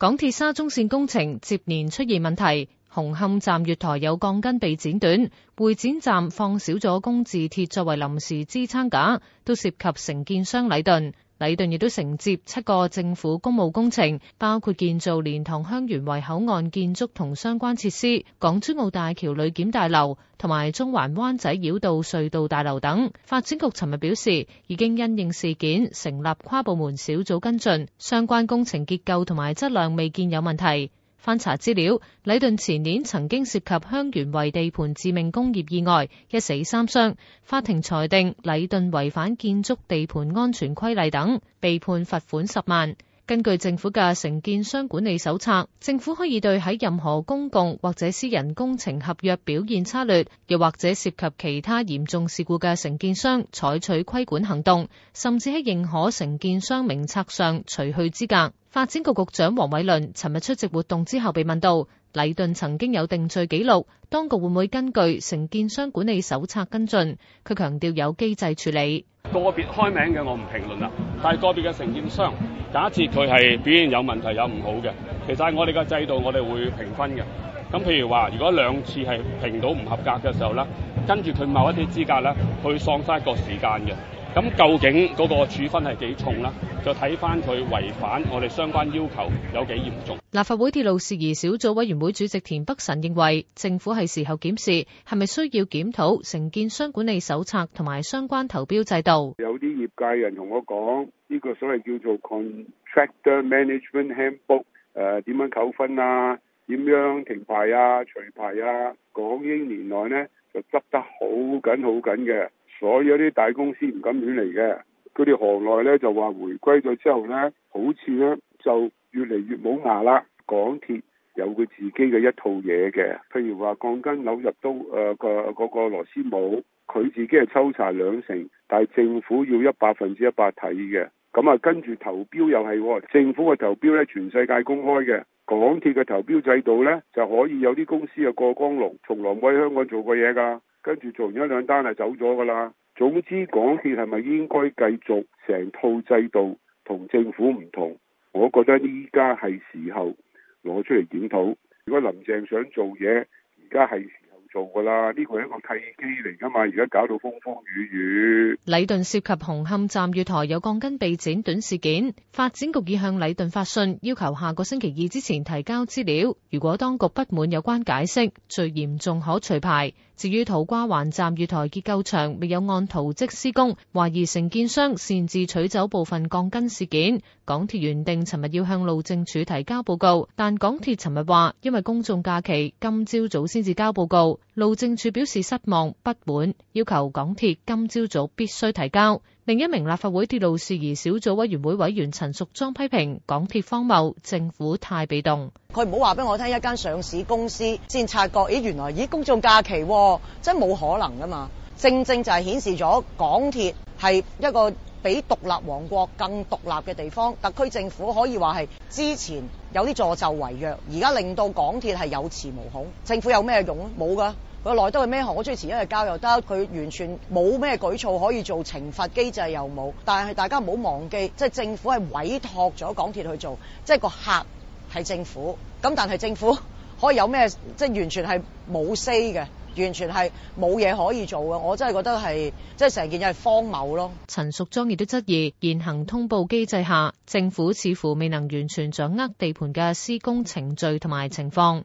港鐵沙中綫工程接連出現問題，紅磡站月台有鋼筋被剪短，會展站放少咗工字鐵作為臨時支撐架，都涉及承建商禮頓。禮頓亦都承接七個政府工務工程，包括建造蓮塘香園圍口岸建築同相關設施、港珠澳大橋旅檢大樓同埋中環灣仔繞道隧道大樓等。發展局尋日表示，已經因應事件成立跨部門小組跟進，相關工程結構同埋質量未見有問題。翻查資料，禮頓前年曾經涉及香園圍地盤致命工業意外，一死三傷，法庭裁定禮頓違反建築地盤安全規例等，被判罰款十萬。根據政府嘅承建商管理手冊，政府可以對喺任何公共或者私人工程合約表現差劣，又或者涉及其他嚴重事故嘅承建商採取規管行動，甚至喺認可承建商名冊上除去資格。發展局局長黃偉倫尋日出席活動之後被問到，禮頓曾經有定罪記錄，當局會唔會根據承建商管理手冊跟進？佢強調有機制處理，個別開名嘅我唔評論啦，但係個別嘅承建商。假設佢係表現有問題，有唔好嘅，其實我哋嘅制度我哋會評分嘅。咁譬如話，如果兩次係評到唔合格嘅時候咧，跟住佢某一啲資格咧，佢喪失一個時間嘅。咁究竟嗰個處分係幾重咧？就睇翻佢違反我哋相關要求有幾嚴重。立法會鐵路事宜小組委員會主席田北辰認為，政府係時候檢視係咪需要檢討承建商管理手冊同埋相關投標制度。有啲業界人同我講，呢、這個所謂叫做 contractor management handbook，誒、呃、點樣扣分啊？點樣停牌啊？除牌啊？港英年代呢，就執得好緊好緊嘅。所有啲大公司唔敢亂嚟嘅，佢哋河來咧，就話回歸咗之後呢，好似呢就越嚟越冇牙啦。港鐵有佢自己嘅一套嘢嘅，譬如話鋼筋扭入都誒、呃、個嗰個螺絲母，佢自己係抽查兩成，但係政府要一百分之一百睇嘅。咁啊，跟住投標又係政府嘅投標呢，全世界公開嘅。港鐵嘅投標制度呢，就可以有啲公司啊，過江龍，從來冇喺香港做過嘢㗎，跟住做完一兩單就走咗㗎啦。總之，港鐵係咪應該繼續成套制度同政府唔同？我覺得依家係時候攞出嚟檢討。如果林鄭想做嘢，而家係。噶啦，呢個係一個契機嚟噶嘛。而家搞到風風雨雨。禮頓涉及紅磡站月台有鋼筋被剪短事件，發展局已向禮頓發信，要求下個星期二之前提交資料。如果當局不滿有關解釋，最嚴重可除牌。至於土瓜灣站月台結構牆未有按圖則施工，懷疑承建商擅自取走部分鋼筋事件，港鐵原定尋日要向路政署提交報告，但港鐵尋日話因為公眾假期，今朝早先至交報告。路政署表示失望不滿，要求港鐵今朝早，早必須提交。另一名立法會鐵路事宜小組委員會委員陳淑莊批評港鐵荒謬，政府太被動。佢唔好話俾我聽，一間上市公司先察覺，咦，原來咦公眾假期、啊、真係冇可能噶嘛，正正就係顯示咗港鐵。係一個比獨立王國更獨立嘅地方，特區政府可以話係之前有啲助紂為虐，而家令到港鐵係有恃無恐，政府有咩用咧？冇噶，佢來得佢咩行？我中意前一日交又得，佢完全冇咩舉措可以做，懲罰機制又冇，但係大家唔好忘記，即係政府係委託咗港鐵去做，即係個客係政府，咁但係政府可以有咩？即係完全係冇 say 嘅。完全係冇嘢可以做嘅，我真係覺得係即係成件嘢係荒謬咯。陳淑莊亦都質疑現行通報機制下，政府似乎未能完全掌握地盤嘅施工程序同埋情況。